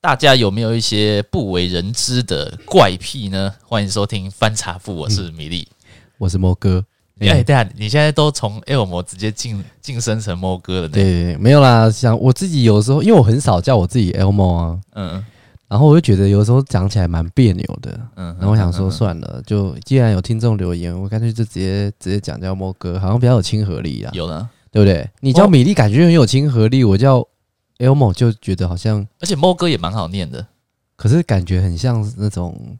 大家有沒有一些不為人知的怪癖呢？歡迎收聽翻查富，我是米粒，嗯，我是 MO 哥。哎，欸，對，欸，啊，你現在都從 Elmo 直接晉晉升成 MO 哥了？對，沒有啦，像我自己有時候，因為我很少叫我自己 Elmo 啊，嗯，然後我就覺得有時候講起來蠻別扭的，嗯，然後我想說算了，就既然有聽眾留言，我乾脆就直接直接講叫 MO 哥，好像比較有親和力啊。有呢，對不對？你叫米粒感覺很有親和力，我叫。Elmo 就覺得好像，而且 MO 哥也蠻好念的，可是感覺很像那種，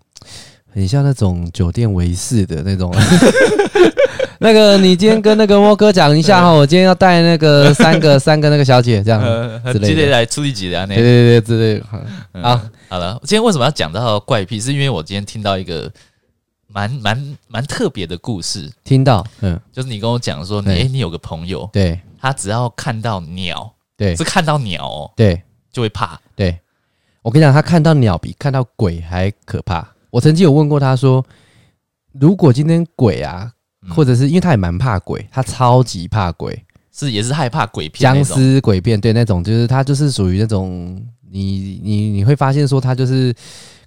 很像那種酒店維士的那種。 那個，你今天跟那個 MO 哥講一下哈， 我今天要帶那個三個 三個那個小姐這樣之類的、嗯、來處理幾的啊？對對對，之類的、嗯嗯。好了，今天為什麼要講到怪癖？是因為我今天聽到一個蠻蠻蠻特別的故事。聽到，嗯，就是你跟我講說，你哎、嗯，你有個朋友，對他只要看到鳥。對，是看到鳥、喔，對，就會怕。對，我跟你講，他看到鳥比看到鬼還可怕。我曾經有問過他說，如果今天鬼啊，或者是因為他也蠻怕鬼，他超級怕鬼，嗯、是也是害怕鬼片、殭屍鬼片，對那種，那種就是他就是屬於那種，你你你會發現說他就是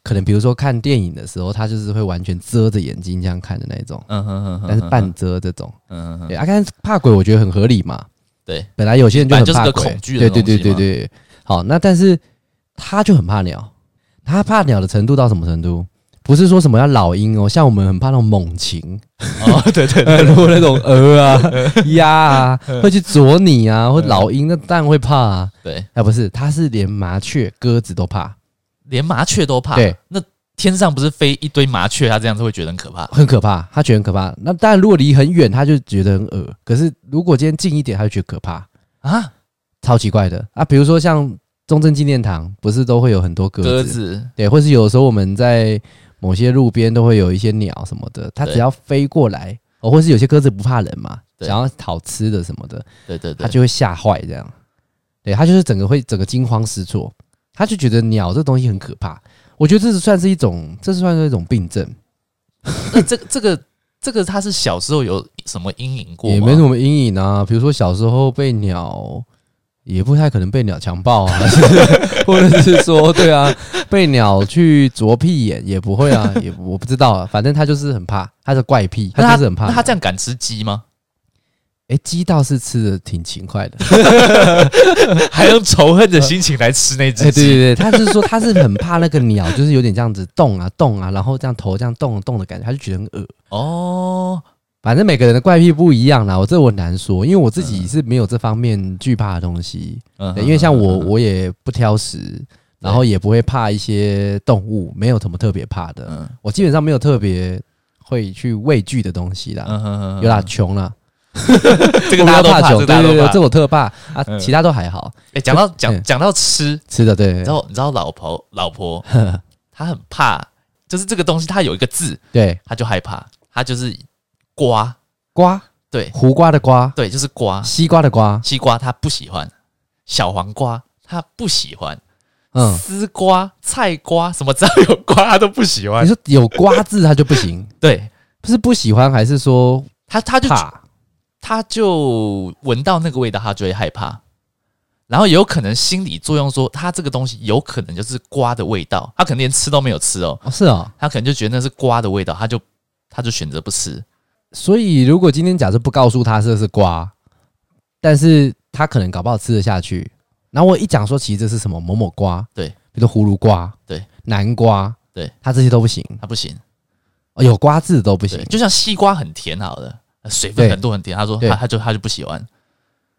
可能比如說看電影的時候，他就是會完全遮着眼睛這樣看的那種，嗯嗯嗯，嗯，但是半遮這種，嗯，嗯，嗯，對啊，但怕鬼，我覺得很合理嘛。嗯嗯對，本來有些人就很怕、就是、個恐懼，對對對對對。好，那但是他就很怕鳥，他怕鳥的程度到什麼程度？不是說什麼要老鷹哦，像我們很怕那種猛禽哦， 對對對，對，對、呃，如果那種鵝啊、鴨 啊會去啄你啊，或老鷹那當然會怕啊。對，啊、呃、不是，他是連麻雀、鴿子都怕，連麻雀都怕。對，那。天上不是飛一堆麻雀？他這樣子會覺得很可怕，很可怕。他覺得很可怕。那當然，如果離很遠，他就覺得很惡。可是如果今天近一點，他就覺得可怕啊，超奇怪的啊。比如說，像中正紀念堂，不是都會有很多鴿子、鴿子。對，或是有時候我們在某些路邊都會有一些鳥什麼的。他只要飛過來，哦，或是有些鴿子不怕人嘛，想要討吃的什麼的。對對對，他就會嚇壞這樣。對，他就是整個會整個驚慌失措，他就覺得鳥這東西很可怕。我覺得這是算是一種，這是算是一種病症。這、欸、這、這個、這個、這個、他是小時候有什麼陰影過嗎？也沒什麼陰影啊。比如說小時候被鳥，也不太可能被鳥強暴啊， 或者是說，對啊，被鳥去啄屁眼也不會啊。也我不知道啊，反正他就是很怕，他是怪癖，他就是很怕。那他，那他這樣敢吃雞嗎？誒、欸、雞倒是吃得挺勤快的， 還用仇恨的心情來吃那只雞。對對對，他是說他是很怕那個鳥，就是有點這樣子動啊動啊，然後這樣頭這樣動、啊、動的感覺，他就覺得很惡。哦，反正每個人的怪癖不一樣啦，我這我難說，因為我自己是沒有這方面懼怕的東西、嗯。因為像我，我也不挑食、嗯，然後也不會怕一些動物，沒有什麼特別怕的、嗯。我基本上沒有特別會去畏懼的東西啦，有點窮啦。嗯嗯這個大家都怕，這個我特怕、嗯、啊！其他都還好。哎、欸，講到講講、嗯、到吃吃的，對，對，然後你知道老婆老婆呵呵，她很怕，就是這個東西，它有一個字，對，她就害怕，她就是瓜瓜，對，胡瓜的瓜，對，就是瓜，西瓜的瓜，西瓜她不喜歡，小黃瓜她不喜歡，嗯，絲瓜、菜瓜，什麼只要有瓜她都不喜歡。你說有瓜字，她 就不行，對，不是不喜歡，還是說她他就他就聞到那個味道，他就會害怕，然後有可能心理作用，說他這個東西有可能就是瓜的味道，他可能連吃都沒有吃哦，是哦，他可能就覺得那是瓜的味道，他就他就選擇不吃。所以如果今天假設不告訴他這是瓜，但是他可能搞不好吃得下去。然後我一講說，其實這是什麼某某瓜，對，比如說葫蘆瓜，對，南瓜，對，他這些都不行，他不行，有瓜字都不行，就像西瓜很甜，好的。水分很多很低，他說他他就他就不喜歡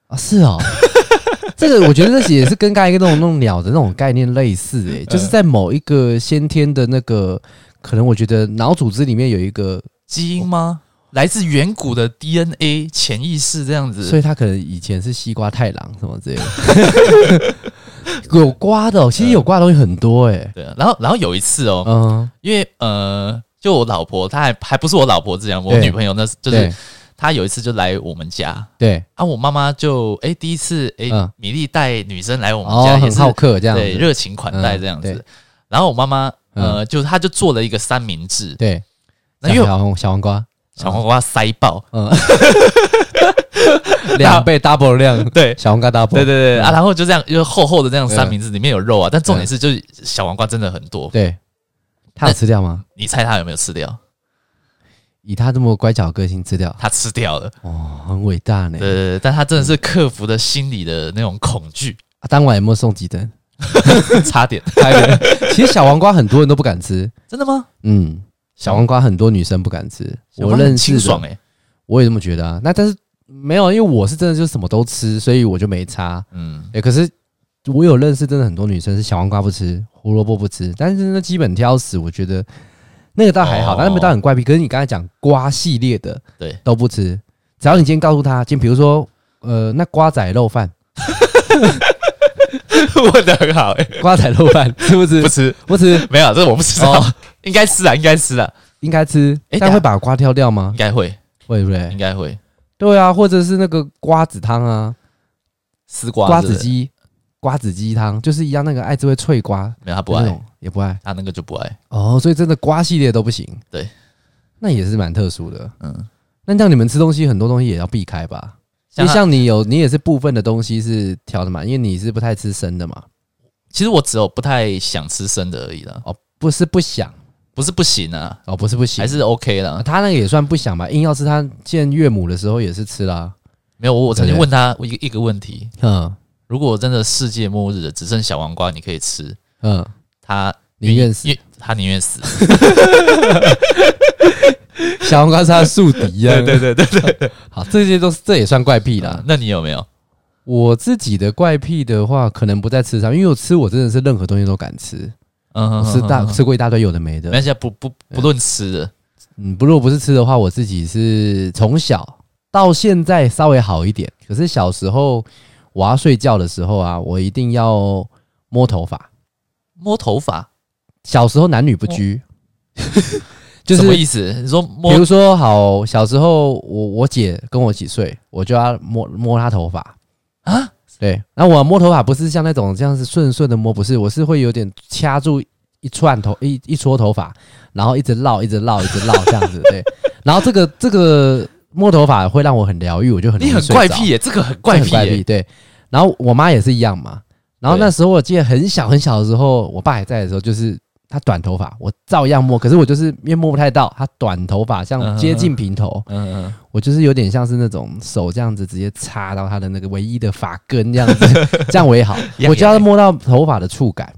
啊，是哦、喔， 這個我覺得這也是跟剛才一個那種弄鳥的那種概念類似、欸嗯、就是在某一個先天的那個，可能我覺得腦組織裡面有一個基因嗎？來自遠古的 DNA 潛意識這樣子，所以他可能以前是西瓜太郎什麼之類的 有瓜的、喔，其實有瓜的東西很多哎、欸嗯，對、啊，然後然後有一次哦、喔，嗯，因為呃。就我老婆，她還還不是我老婆這樣，我女朋友那，就是她有一次就來我們家，對啊我媽媽，我媽媽就哎第一次哎、欸嗯、米粒帶女生來我們家，哦、也很好客這樣子，對，熱情款待這樣子。嗯、然後我媽媽呃、嗯，就她就做了一個三明治，對，那小小黃瓜、嗯，小黃瓜塞爆，嗯，兩、嗯、 倍 double 量，對，小黃瓜 double，對對對、對、嗯、啊，然後就這樣，就是厚厚的這樣三明治，裡面有肉啊，但重點是就是小黃瓜真的很多，對。他有吃掉嗎、欸？你猜他有沒有吃掉？以他這麼乖巧個性，吃掉他吃掉了哦，很偉大呢。呃，但他真的是克服了心裡的那種恐懼、嗯啊。當晚有沒有送急診？ 差點，差點。 其實小黃瓜很多人都不敢吃，真的嗎？嗯，小黃瓜很多女生不敢吃。清爽欸、我認識，哎，我也這麼覺得啊。那但是沒有，因為我是真的就什麼都吃，所以我就沒差。嗯，欸、可是我有認識，真的很多女生是小黃瓜不吃。胡蘿蔔不吃，但是那基本挑食。我覺得那個倒還好，oh. 但是那個倒很怪癖。可是你剛才講瓜系列的，對都不吃。只要你今天告訴他，就比如說，呃，那瓜仔肉飯， 問得很好哎，欸。瓜仔肉飯吃不吃？不吃，不吃，沒有，這我不吃。Oh. 應該吃啊，應該吃啊，應該吃。欸、但他會把瓜挑掉嗎？應該會，會不會？應該會。對啊，或者是那個瓜子湯啊，絲瓜瓜子雞。瓜子雞湯就是一樣，那個愛之味脆瓜，沒有他不愛，也不愛，他那個就不愛哦，所以真的瓜系列都不行。對，那也是蠻特殊的，嗯。那像你們吃東西，很多東西也要避開吧？就像，像你有，你也是部分的東西是挑的嘛？因為你是不太吃生的嘛？其實我只有不太想吃生的而已了。哦，不是不想，不是不行啊。哦，不是不行，還是 OK 啦。他那個也算不想吧？硬要吃，他見岳母的時候也是吃啦。沒有我，我曾經問他一一個問題，嗯。如果真的世界末日了只剩小黃瓜，你可以吃。嗯，他寧願死，他寧願死。 小黃瓜是他宿敵呀， 對,對,對對對對好，這些都這些也算怪癖啦、嗯。那你有沒有？我自己的怪癖的話，可能不在吃上，因為我吃，我真的是任何東西都敢吃。嗯哼哼哼哼，吃大吃過一大堆有的沒的。而且、啊、不不不論吃的，嗯，不如果不是吃的話，我自己是從小到現在稍微好一點。可是小時候。我要睡覺的時候啊，我一定要摸頭髮，摸頭髮。小時候男女不拘， 就是什麼意思？你說摸，比如說，好，小時候我我姐跟我一起睡，我就要摸摸她頭髮啊。對，然後我摸頭髮不是像那種這樣子順順的摸，不是，我是會有點掐住一串頭一一撮頭髮，然後一直繞，一直繞，一直繞 這樣子。對，然後這個這個。摸頭髮會讓我很療癒，我就很，你很怪癖耶，這個很怪癖很。對，然後我媽也是一樣嘛。然後那時候我記得很小很小的時候，我爸還在的時候，就是他短頭髮，我照樣摸，可是我就是因為摸不太到，他短頭髮像接近平頭，嗯嗯，我就是有點像是那種手這樣子直接插到他的那個唯一的髮根這樣子， 這樣我也好，我就要摸到頭髮的觸感。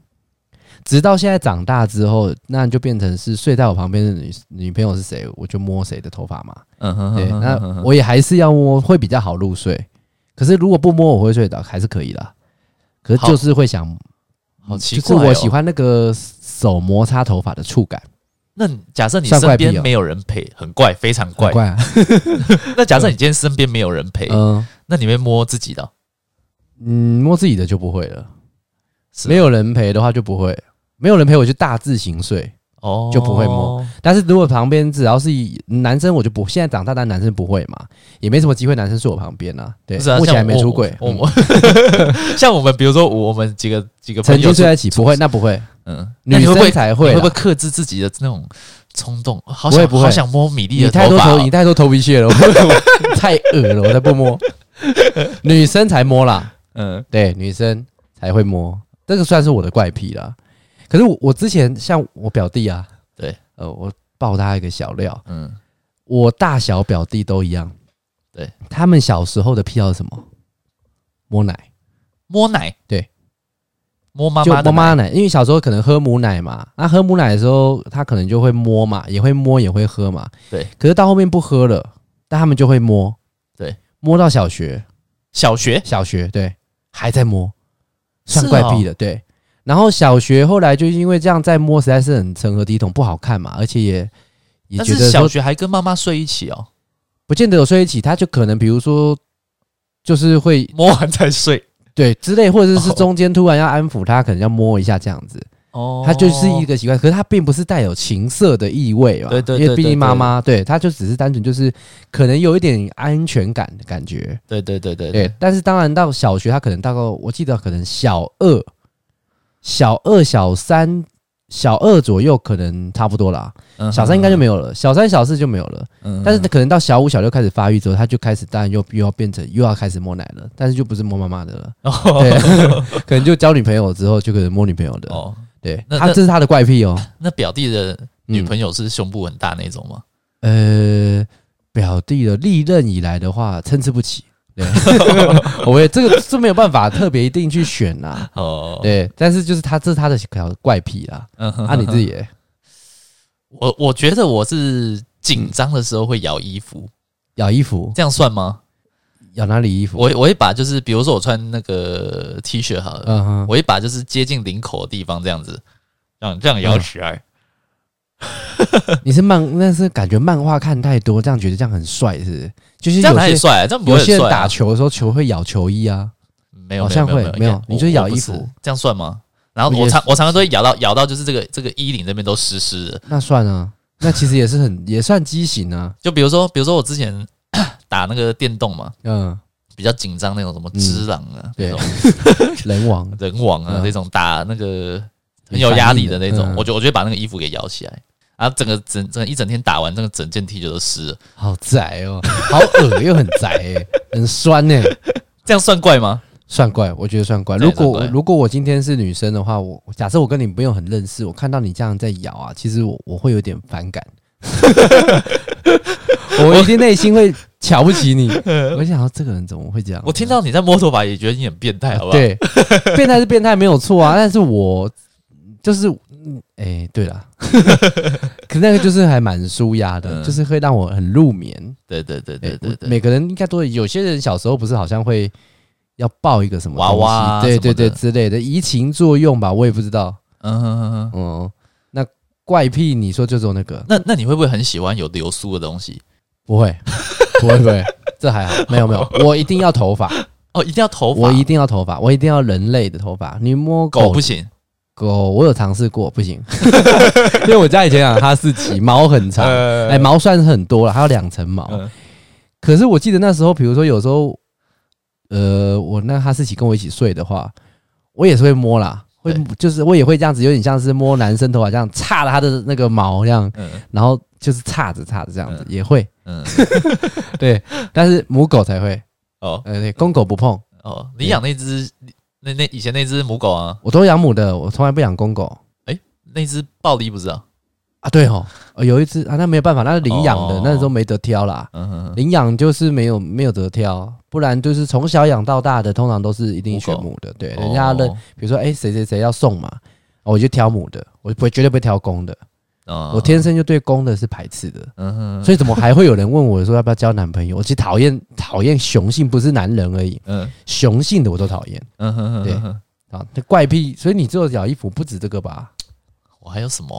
直到現在長大之後，那就變成是睡在我旁邊的女女朋友是誰，我就摸誰的頭髮嘛。嗯哼，哼，哼，哼，哼，哼，哼，哼，哼對，那我也還是要摸，會比較好入睡。可是如果不摸我會睡的，還是可以啦。可是就是會想，好，好奇怪、哦，就是，我喜歡那個手摩擦頭髮的觸感。那假設你身邊沒有人陪，很怪，非常怪。很怪啊。 那假設你今天身邊沒有人陪，嗯，那你會摸自己的？哦？嗯，摸自己的就不會了。哦、沒有人陪的話就不會。沒有人陪我去大字型睡，oh. 就不會摸。但是如果旁邊只要是以男生，我就不現在長大，但男生不會嘛，也沒什麼機會，男生睡我旁邊啊，對，啊，目前還沒出櫃。像我，我，我，嗯、 像我們，比如說我們幾個幾個朋友曾經睡在一起，不會，那不會，嗯，女生才會，會不會克制自己的那種衝動？好像，不會，好想摸米粒，你太多頭，你太多頭皮屑了，我不 太惡了，我才不摸。女生才摸啦，嗯，對，女生才會摸，這個算是我的怪癖了。可是我，我之前像我表弟啊，對，呃，我爆他一個小料，嗯，我大小表弟都一樣，對，他們小時候的癖好是什麼？摸奶，摸奶，對，摸媽媽奶，就摸媽媽奶，因為小時候可能喝母奶嘛，那喝母奶的時候，他可能就會摸嘛，也會摸，也會喝嘛，對。可是到後面不喝了，但他們就會摸，對，摸到小學，小學，小學，對，還在摸，哦，算怪癖的，對。然後小學後來就因為這樣再摸，實在是很成何體統不好看嘛，而且也也覺得小學還跟媽媽睡一起哦，不見得有睡一起，他就可能比如說就是會摸完再睡，對之類，或者是中間突然要安撫他，可能要摸一下這樣子哦，他就是一個習慣，可是他並不是帶有情色的意味啊，對對，對，對，對對，因為畢竟媽媽，對，他就只是單純就是可能有一點安全感的感覺，對對對對對，對，對，但是當然到小學他可能大概我記得可能小二。小二、小三、小二左右可能差不多啦，小三應該就沒有了，小三、小四就沒有了。但是可能到小五、小六開始發育之後，他就開始當然又又要變成又要開始摸奶了，但是就不是摸媽媽的了。哦，對，可能就交女朋友之後就可以摸女朋友的。哦，對，他這是他的怪癖哦。那表弟的女朋友是胸部很大那種嗎？呃，表弟的歷任以來的話，參差不齊。對 我也這個是沒有辦法特別一定去選啦。哦，對，但是就是他這是他的小怪癖啦。Uh-huh-huh. 啊，你自己也我，我我覺得我是緊張的時候會咬衣服，咬衣服這樣算嗎？咬哪裡衣服？我我一把就是，比如說我穿那個 T 恤好了，uh-huh. 我一把就是接近領口的地方這樣子，這樣這樣咬起來。Uh-huh. 你是漫那是感覺漫畫看太多，這樣覺得這樣很帥是不是？就是帥。這樣啊這樣不會很帥啊，些現些打球的時候球會咬球衣啊，沒有好像會沒有，沒有 okay, 你就咬衣服這樣算嗎？然後我常我常常都會咬到咬到就是這個這個衣領這邊都濕濕的，那算啊，那其實也是很 也算畸形啊。就比如說比如說我之前打那個電動嘛，嗯，比較緊張那種什麼之狼啊，嗯、對 人，人王人王啊，嗯、啊那種打那個很有壓力的那種，嗯啊、我覺得我覺得把那個衣服給咬起來。啊，整個整整個一整天打完，整個整件 T 就都濕了，好宅哦、喔，好惡又很宅哎、欸， 很酸哎、欸，這樣算怪嗎？算怪，我覺得算怪。算怪。如果如果我今天是女生的話，我假設我跟你不用很認識，我看到你這樣在咬啊，其實我我會有點反感， 我一定內心會瞧不起你。 我，我想說這個人怎麼會這樣？我聽到你在摸頭髮，也覺得你很變態，好不好？對，變態是變態，沒有錯啊。但是我就是。嗯，哎，對了， 可那個就是還蠻舒壓的、嗯，就是會讓我很入眠。對對對對對、欸、每個人應該都會有，些人小時候不是好像會要抱一個什麼娃娃？對對對之類的移情作用吧？我也不知道。嗯哼哼哼嗯嗯嗯，那怪癖，你說就只有那個那？那那你會不會很喜歡有流蘇的東西？ 不會不會不會，這還好，沒有沒有，我一定要頭髮 哦，一定要頭髮，我一定要頭髮、哦，我,我一定要人類的頭髮，你摸狗,狗不行。狗，我有嘗試過，不行， 因為我家以前養、啊、 哈士奇，毛很長，哎、呃欸，毛算是很多了，還有兩層毛、嗯。可是我記得那時候，比如說有時候，呃，我那哈士奇跟我一起睡的話，我也是會摸啦，會就是我也會這樣子，有點像是摸男生頭髮，這樣插著他的那個毛這樣，嗯、然後就是插著插著這樣子、嗯、也會，嗯， 對，但是母狗才會哦、呃，對，公狗不碰哦，你養那只。嗯那那以前那隻母狗啊，我都養母的，我從來不養公狗。誒、欸，那隻暴力不是啊？啊，對哦，有一隻啊，那沒有辦法，那是領養的哦哦哦，那時候沒得挑啦。嗯嗯領養就是沒有沒有得挑，不然就是從小養到大的，通常都是一定選母的母。對，人家的、哦哦、比如說誒誰誰誰要送嘛，我就挑母的，我不會絕對不會挑公的。Uh, 我天生就對公的是排斥的，uh -huh, uh -huh, uh -huh. 所以怎麼還會有人問我說要不要交男朋友？我其實討厭討厭雄性，不是男人而已，雄性的我都討厭。對、uh、啊 -huh, uh -huh, uh -huh，這怪癖。所以你做小衣服不止這個吧？我還有什麼？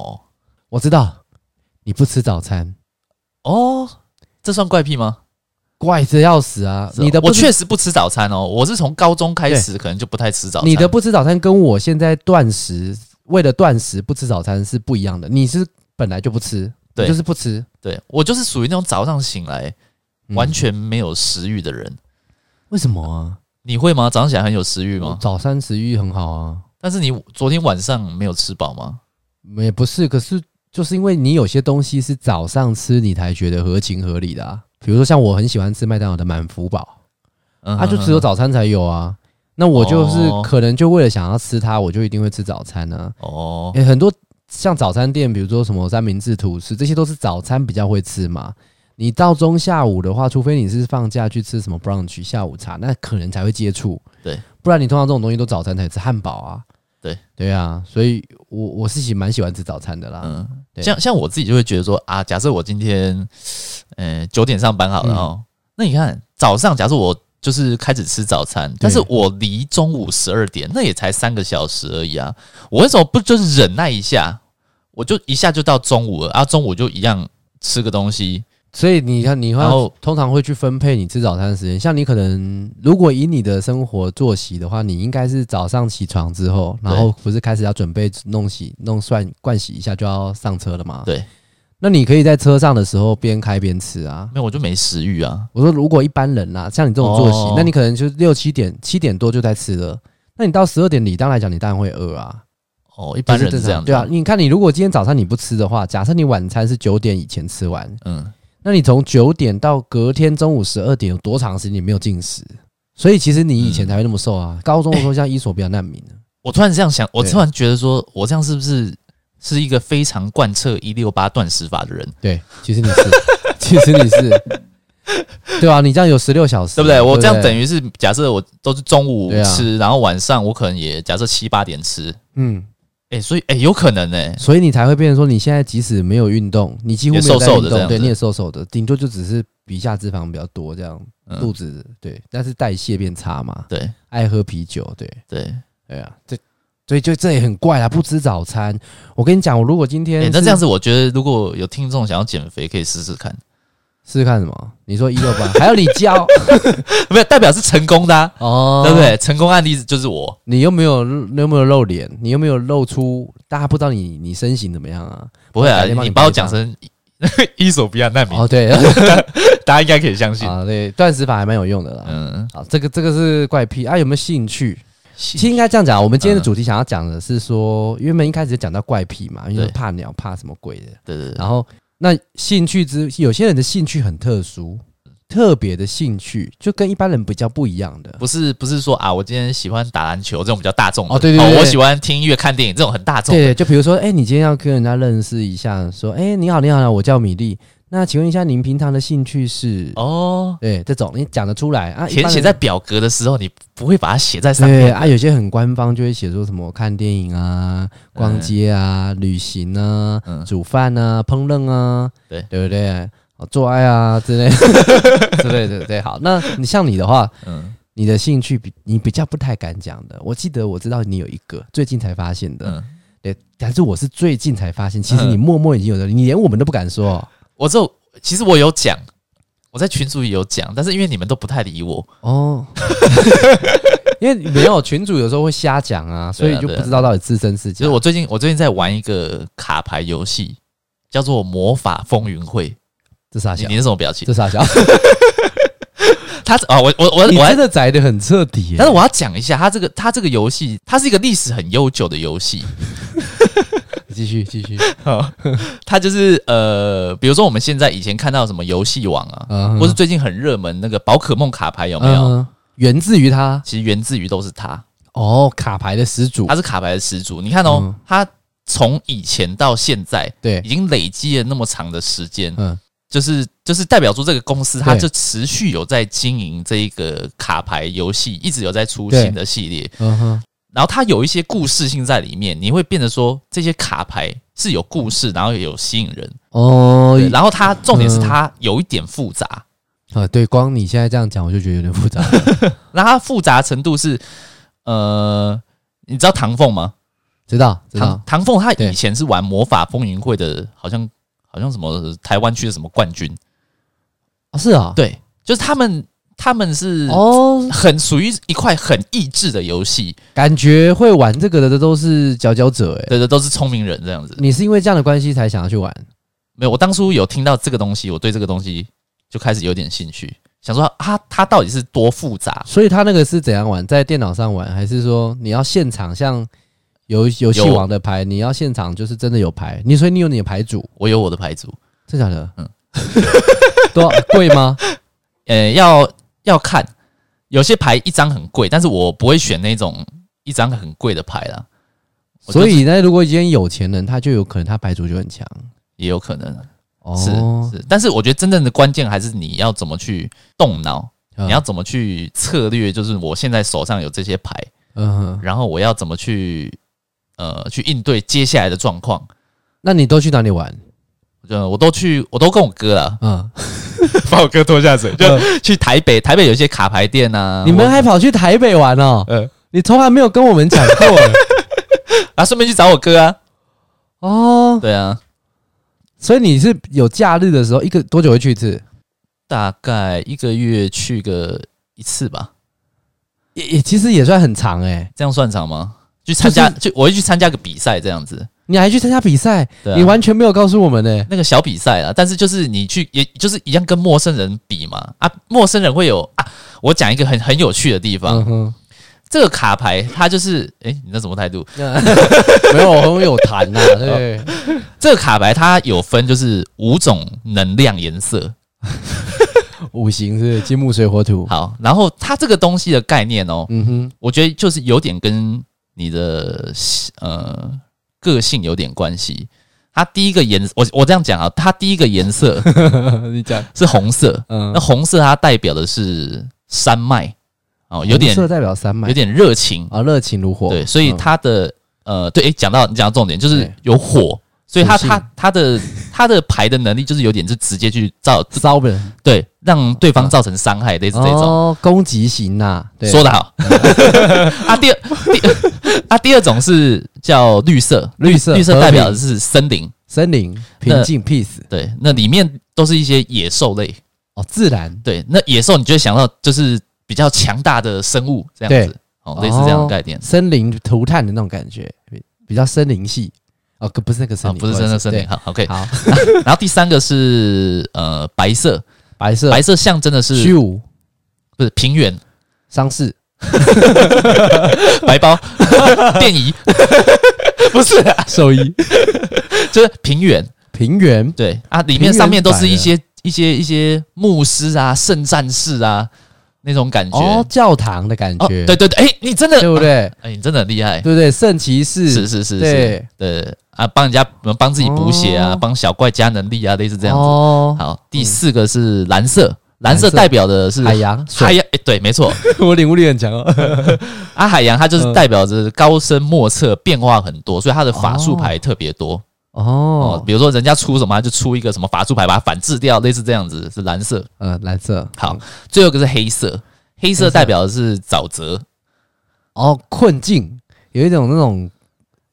我知道你不吃早餐哦，這算怪癖嗎？怪得要死啊！英文你的我確實不吃早餐哦，我是從高中開始可能就不太吃早餐。你的不吃早餐跟我現在斷食。為了斷食不吃早餐是不一樣的，你是本來就不吃，對，就是不吃。對，我就是屬於那種早上醒來完全沒有食慾的人。嗯、為什麼啊？你會嗎？早上起來很有食慾嗎？早餐食慾很好啊。但是你昨天晚上沒有吃飽嗎？沒，不是。可是就是因為你有些東西是早上吃，你才覺得合情合理的啊。比如說像我很喜歡吃麥當勞的滿福堡、嗯、啊，就只有早餐才有啊。那我就是可能就為了想要吃它，我就一定會吃早餐呢、啊。哦、欸，很多像早餐店，比如說什麼三明治、吐司，這些都是早餐比較會吃嘛。你到中下午的話，除非你是放假去吃什麼 brunch 下午茶，那可能才會接觸。對，不然你通常這種東西都早餐才吃漢堡啊。對，對啊，所以我我自己蠻喜歡吃早餐的啦。嗯，像像我自己就會覺得說啊，假設我今天，嗯，九點上班好了哦、嗯，那你看早上，假設我。就是開始吃早餐，但是我離中午十二點，那也才三個小時而已啊！我為什麼不就是忍耐一下，我就一下就到中午了，啊，中午就一樣吃個東西。所以你看，你會通常會去分配你吃早餐的時間。像你可能，如果以你的生活作息的話，你應該是早上起床之後，然後不是開始要準備弄洗、弄涮、盥洗一下就要上車了嗎？對。那你可以在車上的時候邊開邊吃啊？沒有，我就沒食欲啊。我說，如果一般人啊，像你這種作息，那你可能就六七點、七點多就在吃了。那你到十二點，理當來講，你當然會餓啊。哦，一般人是這樣對啊。你看，你如果今天早上你不吃的話，假設你晚餐是九點以前吃完，嗯，那你從九點到隔天中午十二點有多長時間你沒有進食？所以其實你以前才會那麼瘦啊。高中的時候像衣索比亞難民，我突然這樣想，我突然覺得說我這樣是不是？是一個非常貫徹一六八斷食法的人，對，其實你是， 其實你是，對啊，你這樣有十六小時，對不對？我這樣等於是假設我都是中午吃、啊，然後晚上我可能也假設七八點吃，嗯，誒、欸，所以誒、欸，有可能呢、欸。所以你才會變成說，你現在即使沒有運動，你幾乎瘦瘦的，對，你也瘦瘦的，頂多就只是皮下脂肪比較多這樣，肚子、嗯、對，但是代謝變差嘛，對，愛喝啤酒，對，對，對啊，這。所以就這也很怪啊！不吃早餐，我跟你講，我如果今天、欸……那這樣子，我覺得如果有聽眾想要減肥，可以試試看，試試看什麼？你說一六八，還有你教？沒有代表是成功的、啊、哦，對不對？成功案例就是我，你又沒有，你有沒有露臉？你有沒有露出？大家不知道你你身形怎麼樣啊？不會啊，你幫我講聲伊索比亞難民哦，對， 大家應該可以相信啊。對，斷食法還蠻有用的啦。嗯，好，這個這個是怪癖啊，有沒有興趣？其實應該這樣講，我們今天的主題想要講的是說，因為我們一開始講到怪癖嘛，因為怕鳥、怕什麼鬼的。對對對。然後，那興趣之有些人的興趣很特殊、特別的興趣，就跟一般人比較不一樣的。不是不是說啊，我今天喜歡打籃球這種比較大眾哦。對對對對、哦。我喜歡聽音樂、看電影這種很大眾。對對對，就比如說，哎、欸，你今天要跟人家認識一下，說，哎、欸，你好，你好，我叫米粒。那請問一下，您平常的興趣是哦？對，這種你講得出來啊？填寫在表格的時候，你不會把它寫在上面啊？有些很官方，就會寫說什麼看電影啊、逛街啊、旅行啊、煮飯啊、烹飪啊，對、啊、對不對？做愛啊之類之類的，對，對。對對好，那你像你的話，嗯，你的興趣比你比較不太敢講的。我記得我知道你有一個最近才發現的，嗯，對，但是我是最近才發現，其實你默默已經有的，你連我們都不敢說。我這其實我有講，我在群組也有講，但是因為你們都不太理我哦， 因為沒有群組有時候會瞎講啊，所以就不知道到底是真是假。對啊對啊，就是，我最近我最近在玩一個卡牌遊戲，叫做《魔法風雲會》這，這啥笑，你是什麼表情？這啥笑他，他啊，我我我真的宅得，啊、我在這宅的很徹底，但是我要講一下，他這個他這個遊戲，它是一個歷史很悠久的遊戲。 繼續繼續，繼續 好，他就是呃，比如說我們現在以前看到什麼遊戲王啊，uh -huh. 或是最近很熱門那個寶可夢卡牌有沒有？Uh -huh. 源自於他？其實源自於都是他哦，oh, 卡牌的始祖，他是卡牌的始祖。你看哦，uh -huh. 他從以前到現在，對、uh -huh.，已經累積了那麼長的時間，嗯、uh -huh.，就是就是代表說這個公司，它、uh -huh. 就持續有在經營這一個卡牌遊戲，一直有在出新的系列，嗯哼。然後它有一些故事性在裡面，你會變得說這些卡牌是有故事，然後也有吸引人哦。然後它重點是它有一點複雜啊、嗯呃，對，光你現在這樣講我就覺得有點複雜。那 它複雜程度是，呃，你知道唐鳳嗎？知道，知道唐唐鳳他以前是玩魔法風雲會的，好像好像什麼台灣區的什麼冠軍啊，是啊，對，就是他們。他們是哦，很屬於一塊很益智的遊戲，感覺會玩這個的都是佼佼者、欸，哎，對的都是聰明人這樣子。你是因為這樣的關係才想要去玩？沒有，我當初有聽到這個東西，我對這個東西就開始有點興趣，想說啊，它到底是多複雜？所以它那個是怎樣玩？在電腦上玩，還是說你要現場？像遊遊戲王的牌，你要現場就是真的有牌。你說你有你的牌組，我有我的牌組。真的？嗯， 多貴嗎？呃，要。要看，有些牌一張很貴，但是我不會選那種一張很貴的牌啦。所以呢，就是，如果一些有錢人，他就有可能他牌組就很強，也有可能、哦、是是。但是我覺得真正的關鍵還是你要怎麼去動腦、嗯，你要怎麼去策略。就是我現在手上有這些牌，嗯哼，然後我要怎麼去呃去應對接下來的狀況？那你都去哪裡玩？我都去，我都跟我哥啊，嗯 把我哥拖下水，就去台北。台北有一些卡牌店吶、啊，你們還跑去台北玩哦。呃、你從來沒有跟我們講過 啊。順便去找我哥啊。哦，對啊。所以你是有假日的時候一個多久會去一次？大概一個月去個一次吧。也也其實也算很長哎、欸，這樣算長嗎？去參加，就我會去參加個比賽這樣子。你還去參加比賽、啊？你完全沒有告訴我們呢、欸。那個小比賽啊，但是就是你去，也就是一樣跟陌生人比嘛。啊，陌生人會有啊。我講一個很很有趣的地方、嗯，這個卡牌它就是哎、欸，你那什麼態度、嗯？沒有，我們有談吶、啊。對，這個卡牌它有分就是五種能量顏色，五行是，是金木水火土。好，然後它這個東西的概念哦，嗯哼，我覺得就是有點跟你的呃。個性有點關係，它第一個顏我我這樣講啊，它第一個顏色，你講是紅色，嗯， 那紅色它代表的是山脈、嗯、哦，有點色代表山脈，有點熱情啊，熱情如火，對，所以它的、嗯、呃，對，誒、欸，講到你講到重點就是有火。所以他他他的他的牌的能力就是有點是直接去造招人，對，讓對方造成傷害，類似這種哦，攻擊型吶、啊。說得好、嗯、 啊，第二，第二啊，第二種是叫綠色，綠色，綠色代表的是森林，森林平靜 peace。對，那裡面都是一些野獸類哦，自然。對，那野獸你就會想到就是比較強大的生物這樣子，哦、喔，類似這樣的概念，哦、森林塗炭的那種感覺，比較森林系。哦，不是那個森林，哦，不是真的森林。好，OK，好、啊。然後第三個是呃，白色，白色，白色象徵的是虛無，不是平原，喪事， 白包， 電椅， 不是、啊、壽衣，就是平原，平原。對啊，裡面上面都是一些一些一些，一些牧師啊，聖戰士啊那種感覺，哦，教堂的感覺。哦、對對對，哎、欸，你真的對不對？哎，你真的很厲害，對不對？聖、啊、騎、欸、士，是是是，是，對對。啊，幫人家，幫自己補血啊，幫、哦、小怪加能力啊，類似這樣子。哦、好，第四個是藍色、嗯，藍色代表的是海洋，海洋。哎、欸，對，沒錯， 我領悟力很強哦。 啊，海洋它就是代表着高深莫測，變化很多，所以它的法術牌特別多哦。哦，比如說人家出什麼，就出一個什麼法術牌，把它反制掉，類似這樣子。是藍色，嗯、呃，藍色。好，最後一個是黑色，黑色代表的是沼澤，哦，困境，有一種那種，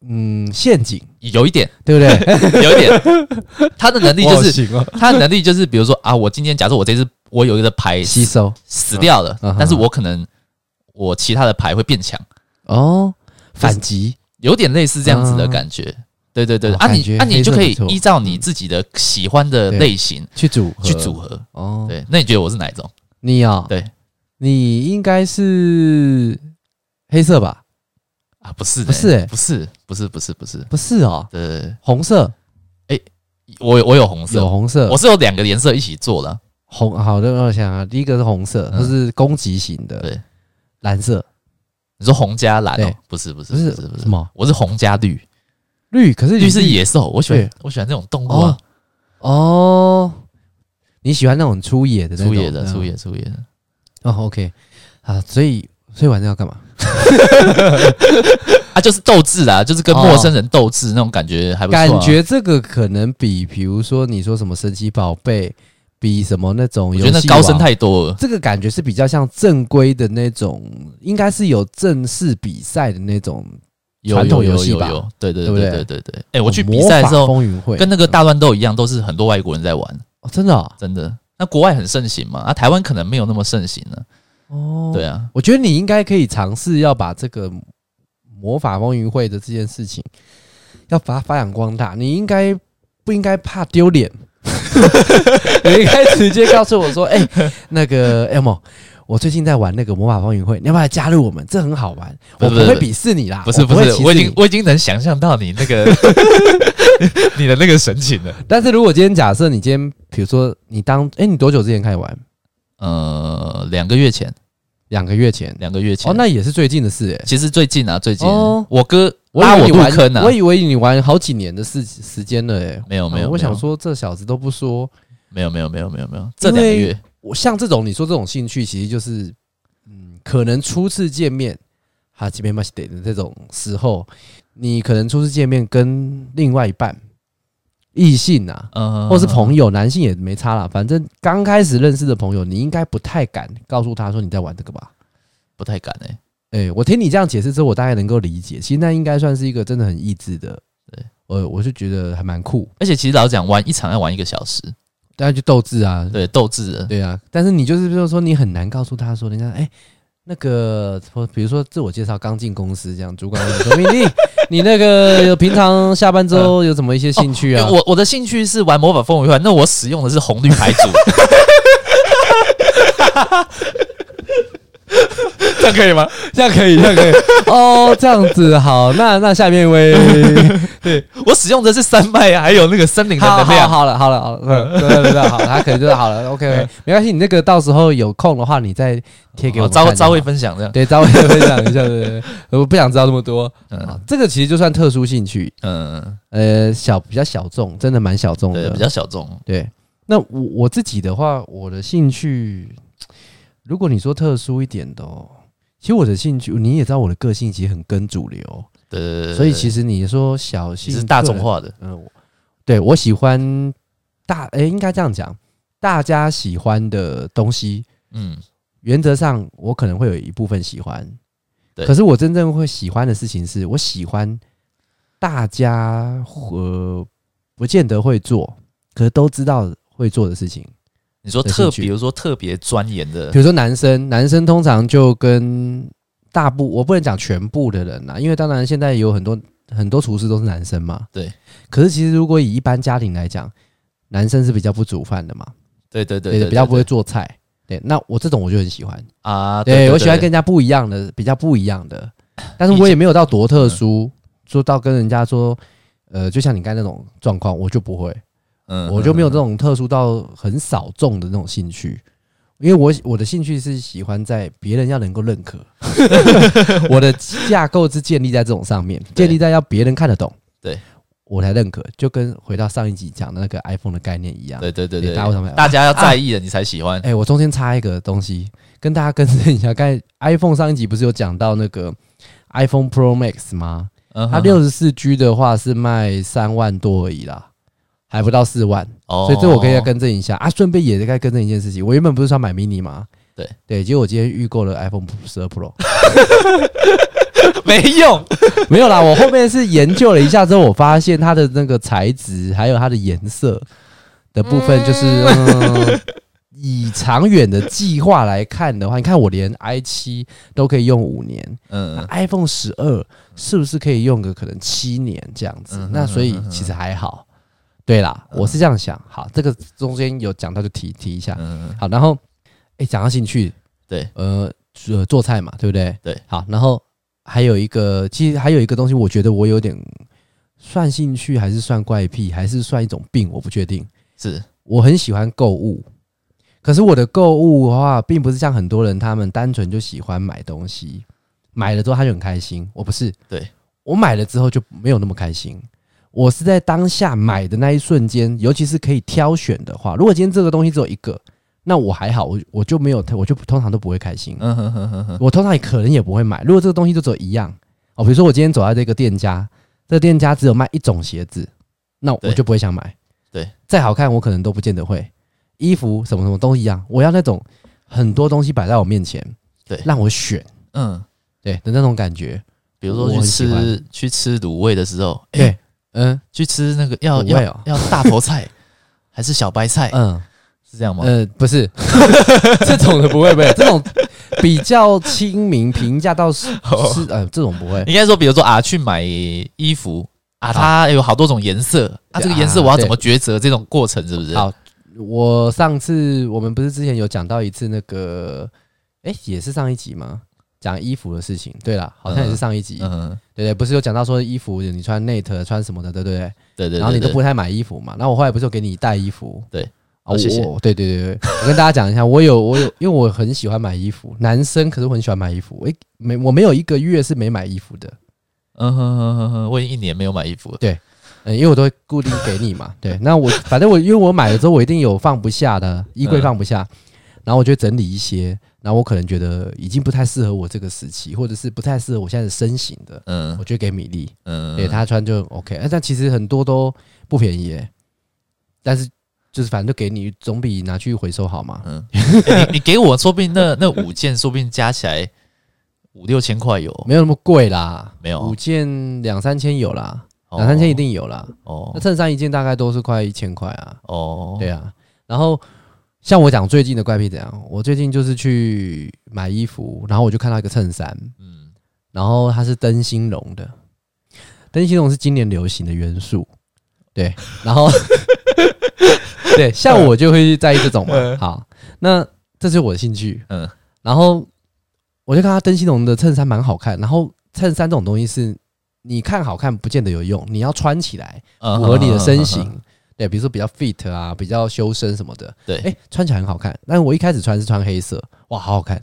嗯，陷阱。有一點，對不對？ 有一點，他的能力就是，他的能力就是，比如說啊，我今天假設我這次我有一個牌吸收死掉了，但是我可能我其他的牌會變強哦，反擊，有點類似這樣子的感覺，對對對，對，啊你啊你就可以依照你自己的喜歡的類型去組去組合哦，對，那你覺得我是哪一種？你哦，對，你應該是黑色吧？啊，不是，不是、欸，不是，不是，不是，不是，不是哦、喔。對對對，紅色，哎、欸，我我有紅色，有紅色，我是有兩個顏色一起做的、啊。嗯、紅，好的，讓我想啊，第一個是紅色，它是攻擊型的，對。藍色、嗯，你說紅加藍哦、喔？不是，不是，不是，不是，不是，是什麼？我是紅加綠，綠可是綠，綠是野獸，我喜歡，我喜歡這種動物哦，哦，你喜歡那種粗野的，粗野的，粗野粗野的。哦，OK，啊，所以所以晚上要幹嘛？哈哈哈哈啊，就是鬥智啊，就是跟陌生人鬥智、哦、那種感覺還不錯、啊。感覺這個可能比，比如說你說什麼神奇寶貝，比什麼那種我覺得高深太多了。這個感覺是比較像正規的那種，應該是有正式比賽的那種傳統遊戲吧有有有有？對對對對對對,對。哎、哦欸，我去比賽的時候魔法風雲會，跟那個大亂鬥一樣，都是很多外國人在玩。哦。真的、哦，真的。那國外很盛行嘛？啊，台灣可能沒有那麼盛行了、啊。哦、oh,，對啊，我覺得你應該可以嘗試要把這個魔法風雲會的這件事情要發發揚光大，你應該不應該怕丟臉？ 你應該直接告訴我說：“哎、 欸，那個 MO，、欸、我最近在玩那個魔法風雲會，你要不要加入我們？這很好玩，不不不我不會鄙視你啦，不是不是，我，我已經我已經能想象到你那個 你，你的那個神情了。但是如果今天假設你今天，比如說你當哎、欸，你多久之前開始玩？呃，兩個月前。兩個月前，兩個月前哦，oh, 那也是最近的事，哎、欸。其實最近啊，最近，oh, 我哥拉我入坑，啊，我，以我以為你玩好幾年的事時間了哎，欸。沒有，啊，沒有，我想說，這小子都不說。沒有沒有沒有沒有沒有，沒有沒有這兩個月。我像這種你說這種興趣，其實就是嗯，可能初次見面哈，初めまして這種時候，你可能初次見面跟另外一半。異性啊、嗯，或是朋友，男性也沒差啦。反正剛開始認識的朋友，你應該不太敢告訴他說你在玩這個吧？不太敢誒、欸。誒、欸，我聽你這樣解釋之後，我大概能夠理解。其實那應該算是一個真的很益智的，對，我我就覺得還蠻酷。而且其實老實講玩一場要玩一個小時，大家就鬥智啊，對，鬥智的，對啊。但是你就是就是說你很難告訴他說，人家，誒、欸。那個，比如說自我介紹，剛進公司這樣， 主管問說：“米粒，你那個有平常下班之後有什麼一些興趣啊？”哦、我我的興趣是玩魔法風雲會，那我使用的是紅綠牌組。 這樣可以嗎？這樣可以，這樣可以哦。 oh, 這樣子好，那那下面喂， 對，我使用的是山脈，還有那個森林的能量好好。好了，好了，好了，對、嗯、對、嗯、對，對對對對對 好，他可能就是好了。OK，、嗯、沒關係，你那個到時候有空的話，你再貼給我，招招會分享這樣，對，招會分享一下的。對對 我不想知道那麼多嗯，嗯，這個其實就算特殊興趣，嗯呃，小比較小眾，真的蠻小眾的對，比較小眾。對，那我我自己的話，我的興趣。如果你說特殊一點的喔，其實我的興趣你也知道，我的個性其實很跟主流，對，對，對，對，對，所以其實你說小眾是大眾化的，嗯，對，我喜歡大，誒、欸、應該這樣講，大家喜歡的東西，嗯，原則上我可能會有一部分喜歡，對，可是我真正會喜歡的事情是，我喜歡大家會不見得會做，可是都知道會做的事情。你說特比如說特別鑽研的，比如說男生，男生通常就跟大部我不能講全部的人吶、啊，因為當然現在有很多很多廚師都是男生嘛，對。可是其實如果以一般家庭來講，男生是比較不煮飯的嘛，對對對，對，對，對，對，對，比較不會做菜。對，那我這種我就很喜歡啊，對，對，對，對我喜歡跟人家不一樣的，比較不一樣的。啊、對對對，但是我也沒有到多特殊，做到跟人家說、嗯，呃，就像你剛才那種狀況，我就不會。嗯，我就沒有這種特殊到很小眾的那種興趣，因為我我的興趣是喜歡在別人要能夠認可 我的架構是建立在這種上面，建立在要別人看得懂，對我才認可。就跟回到上一集講的那個 iPhone 的概念一樣。對對對對、對、欸，大家要在意的、啊，你才喜歡、欸。哎，我中間插一個東西，跟大家更正一下。剛才 iPhone 上一集不是有講到那個 iPhone Pro Max 嗎？它六十四 G 的話是賣三萬多而已啦。還不到四萬，oh、所以這我可以再更正一下、oh、啊！順便也該更正一件事情，我原本不是想買 mini 嗎？對對，結果我今天預購了 iPhone 十二 Pro， 沒用，沒有啦！我後面是研究了一下之後，我發現它的那個材質還有它的顏色的部分，就是嗯嗯、呃、以長遠的計劃來看的話，你看我連 i 七都可以用五年，嗯,嗯那，iPhone 十二是不是可以用個可能七年這樣子？嗯哼嗯哼嗯哼那所以其實還好。對啦、嗯，我是這樣想。好，這個中間有講到，就提提一下。嗯嗯好，然後，哎、欸，講到興趣，對，呃，做做菜嘛，對不對？對。好，然後還有一個，其實還有一個東西，我覺得我有點算興趣，還是算怪癖，還是算一種病，我不確定。是，我很喜歡購物，可是我的購物的話，並不是像很多人他們單純就喜歡買東西，買了之後他就很開心。我不是，對，我買了之後就沒有那麼開心。我是在當下買的那一瞬間，尤其是可以挑選的話。如果今天這個東西只有一個，那我還好，我我就沒有，我就通常都不會開心。嗯哼哼哼，我通常也可能也不會買。如果這個東西就只有一樣哦，比如說我今天走在這個店家，這個店家只有賣一種鞋子，那我就不會想買對。對，再好看我可能都不見得會。衣服什麼什麼都一樣，我要那種很多東西擺在我面前，對，讓我選。嗯，對的那種感覺。比如說去吃、嗯、我很喜歡去吃滷味的時候，欸、對。嗯，去吃那個要、哦、要要大頭菜 還是小白菜？嗯，是這樣嗎？嗯、呃，不是， 這種的不會不會， 這種比較親民，平價到，是是呃，這種不會，你應該說，比如說啊，去買衣服啊，它有好多種顏色，那、啊啊、這個顏色我要怎麼抉擇？這種過程是不是？好，我上次我們不是之前有講到一次那個，哎、欸，也是上一集嗎？講衣服的事情，對了，好像也是上一集，嗯嗯、對對，不是有講到說衣服，你穿內特穿什麼的，對不對？對，對，對，對，對，然後你都不太買衣服嘛。那我後來不是有給你帶衣服？對，啊、哦，謝謝。對對對，對我跟大家講一下， 我有我有，因為我很喜歡買衣服，男生可是我很喜歡買衣服。哎，沒，我沒有一個月是沒買衣服的。嗯哼哼哼哼，我已經一年沒有買衣服了。對，嗯，因為我都會固定給你嘛。 對，那我反正我因為我買了之後，我一定有放不下的，衣櫃放不下，嗯、然後我就整理一些。那我可能覺得已經不太適合我這個時期，或者是不太適合我現在的身形的，嗯，我覺得給米粒，嗯，給他穿就 OK。但其實很多都不便宜，欸，但是就是反正都給你，總比拿去回收好嘛。嗯、欸你，你給我說不定那那五件說不定加起來五六千塊有，沒有那麼貴啦，沒有、啊，五件兩三千有啦，兩三千一定有啦。哦，那襯衫一件大概都是快一千塊啊。哦，對啊，然後。像我講最近的怪癖怎樣？我最近就是去買衣服，然後我就看到一個襯衫，嗯，然後它是燈芯絨的，燈芯絨是今年流行的元素，對，然後 對，像我就會在意這種嘛。嗯、好，那這是我的興趣，嗯，然後我就看到燈芯絨的襯衫蠻好看，然後襯衫這種東西是你看好看不見得有用，你要穿起來符合你的身形。嗯嗯嗯嗯比如說比較 fit 啊，比較修身什麼的，對，哎、欸，穿起來很好看。但是我一開始穿是穿黑色，哇，好好看。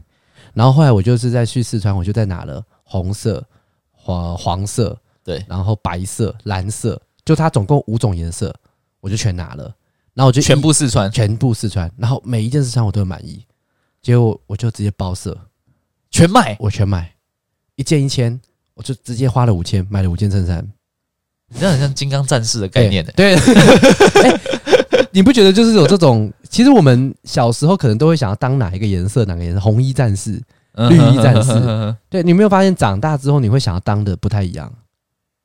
然後後來我就是在去試穿，我就在拿了紅色、黃、黃色，對，然後白色、藍色，就它總共五種顏色，我就全拿了。然後我就全部試穿，全部試穿，然後每一件試穿我都很滿意，結果我就直接包色，全賣，我，我全買，一件一千，我就直接花了五千，買了五件襯衫。你這樣很像金剛戰士的概念的、欸，對，對。 欸、你不覺得就是有這種？其實我們小時候可能都會想要當哪一個顏色，哪個顏色？紅衣戰士、綠衣戰士、uh-huh、對，你有沒有發現長大之後你會想要當的不太一樣？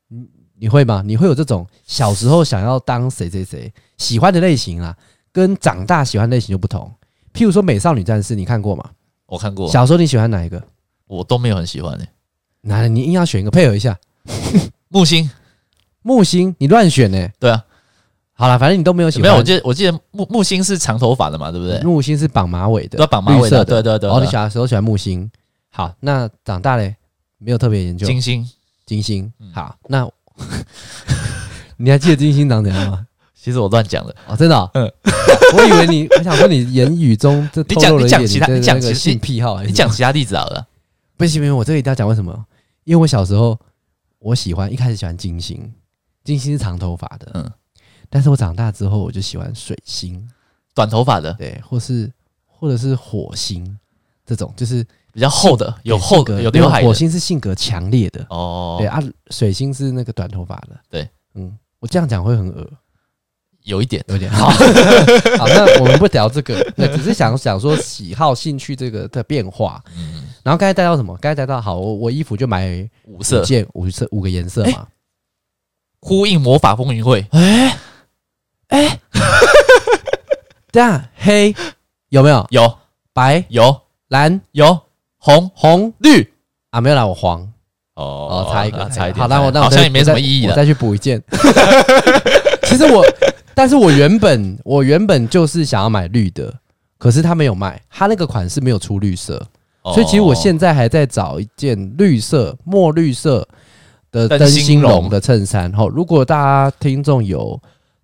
你你會嗎？你會有這種小時候想要當誰誰誰喜歡的類型啊，跟長大喜歡的類型就不同。譬如說《美少女戰士》，你看過嗎？我看過。小時候你喜歡哪一個？我都沒有很喜歡男人，你硬要選一個配合一下？ 木星。木星，你亂選呢、欸？對啊，好了，反正你都沒有喜歡。沒有，我記得，我記得木木星是長頭髮的嘛，對不對？木星是綁馬尾的，要綁馬尾的。的對，對，對對對。哦，你小的時候喜歡木星，好，那長大嘞？沒有特別研究。金星，金星，嗯、好，那、嗯、 你還記得金星長怎樣嗎？其實我亂講了哦，真的、哦。嗯， 我以為你，我想問你言語中就透露了一點，你講其他，你講其個性癖好，你講其他例子好了。不行不行，我這個一定要講為什麼？因為我小時候我喜歡，一開始喜歡金星。金星是長頭髮的，嗯，但是我長大之後，我就喜歡水星，短頭髮的，對，或是或者是火星這種，就是比較厚的，有厚、這個、有瀏海的，有。火星是性格強烈的，哦，對啊，水星是那個短頭髮的，對，嗯，我這樣講會很噁，有一點，有一點，好， 好，那我們不聊這個，那 只是想想說喜好興趣這個的變化，嗯，然後剛才帶到什麼？剛才帶到好，我我衣服就買五色件，五色五個顏色嘛。欸呼應魔法風雲會，哎、欸、哎，大、欸、 黑有沒有？有白有藍有紅紅綠啊沒有啦，我黃哦哦，差一個，啊差,一欸、差一點。好的，我那我,那我好像也沒什麼意義了，我再,我再去補一件。 其實我，但是我原本我原本就是想要買綠的，可是它沒有賣，它那個款式沒有出綠色，所以其實我現在還在找一件綠色墨綠色。的燈芯絨的襯衫，然、哦、後如果大家聽眾有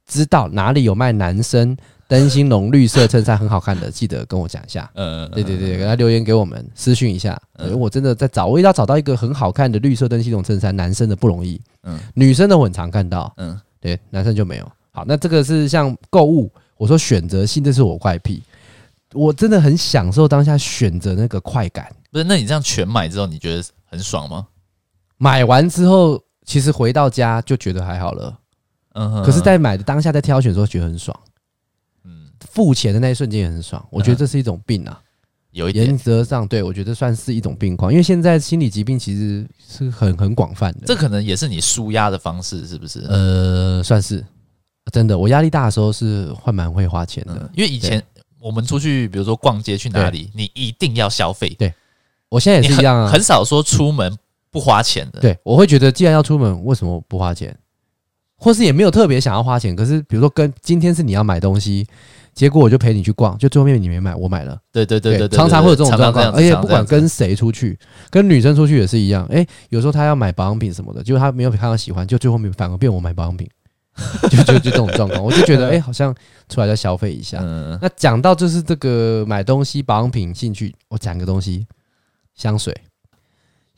知道哪裡有賣男生燈芯絨綠色襯衫很好看的，嗯、記得跟我講一下嗯。嗯，對對對，給他留言給我們私訊一下。嗯、我真的在找，我要找到一個很好看的綠色燈芯絨襯衫，男生的不容易。嗯，女生的我很常看到。嗯，對，男生就沒有。好，那這個是像購物，我說選擇性，這是我怪癖。我真的很享受當下選擇那個快感。不是，那你這樣全買之後，你覺得很爽嗎？買完之後，其實回到家就覺得還好了，嗯哼，可是，在買的當下，在挑選的時候覺得很爽，嗯，付錢的那一瞬間也很爽、嗯，我覺得這是一種病啊，有一點原則上對我覺得算是一種病況，因為現在心理疾病其實是很很廣泛的、嗯，這可能也是你紓壓的方式，是不是、嗯？呃，算是真的，我壓力大的時候是還蠻會花錢的，嗯、因為以前我們出去，比如說逛街去哪裡，你一定要消費，對我現在也是一樣、啊很，很少說出門。嗯不花錢的，對，我會覺得既然要出門，為什麼不花錢？或是也沒有特別想要花錢。可是比如說，跟今天是你要買東西，結果我就陪你去逛，就最後面你沒買，我買了。對對對對、對、對、對、對、對，常常會有這種狀況，而且不管跟誰出去，跟女生出去也是一樣。哎、欸，有時候她要買保養品什麼的，結果她沒有看到喜歡，就最後面反而變我買保養品， 就就就這種狀況，我就覺得哎、欸，好像出來再消費一下。嗯、那講到就是這個買東西、保養品興趣，我講個東西，香水。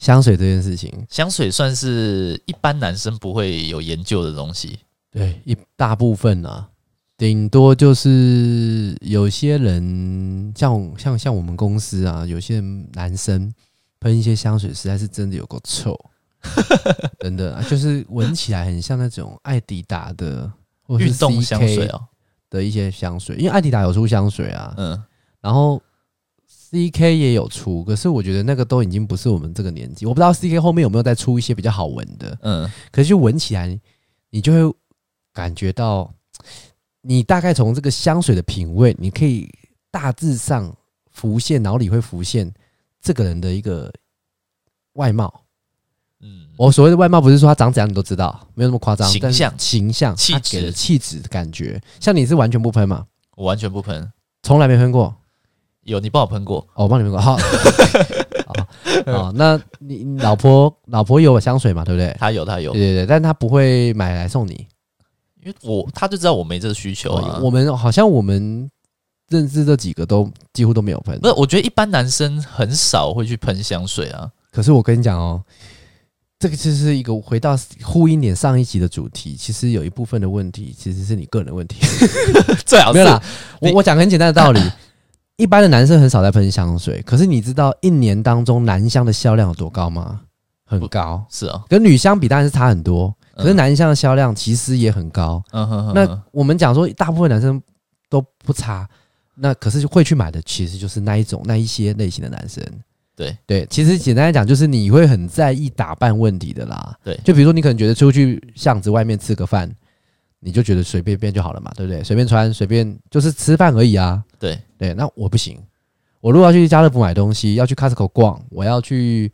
香水這件事情，香水算是一般男生不會有研究的東西。對，一大部分啊，頂多就是有些人像，像像像我們公司啊，有些男生噴一些香水，實在是真的有夠臭，真 的、啊、就是聞起來很像那種愛迪達的，或是 CK 哦的一些香水，因為愛迪達有出香水啊。嗯，然後。CK 也有出，可是我覺得那個都已經不是我們這個年紀。我不知道 CK 後面有沒有再出一些比較好聞的。嗯，可是就聞起來，你就會感覺到，你大概從這個香水的品味，你可以大致上浮現，腦裡會浮現這個人的一個外貌。嗯，我所謂的外貌不是說他長怎樣，你都知道，沒有那麼誇張。形象、但形象、氣質、氣質的，他給的感覺，像你是完全不噴嗎？我完全不噴，從來沒噴過。有你幫我噴過，哦、我幫你噴過。好， 好，好， 好，那你老婆老婆有香水嘛？對不對？她有，她有。對對對，但她不會買來送你，因為我她就知道我沒這個需求啊。哦、我們好像我們認識這幾個都幾乎都沒有噴。不是，我覺得一般男生很少會去噴香水啊。可是我跟你講哦，這個其實是一個回到呼應點上一集的主題。其實有一部分的問題其實是你個人的問題， 最好是啦。我我講很簡單的道理。啊一般的男生很少在噴香水，可是你知道一年當中男香的銷量有多高嗎？很高，是啊、喔，跟女香比當然是差很多，可是男香的銷量其實也很高。Uh-huh. 那我們講說，大部分男生都不擦，那可是會去買的，其實就是那一種、那一些類型的男生。對對，其實簡單來講，就是你會很在意打扮問題的啦。對，就比如說你可能覺得出去巷子外面吃個飯，你就覺得隨便便便就好了嘛，對不對？隨便穿，隨便就是吃飯而已啊。對對，那我不行。我如果要去家樂福買東西，要去 Costco 逛，我要去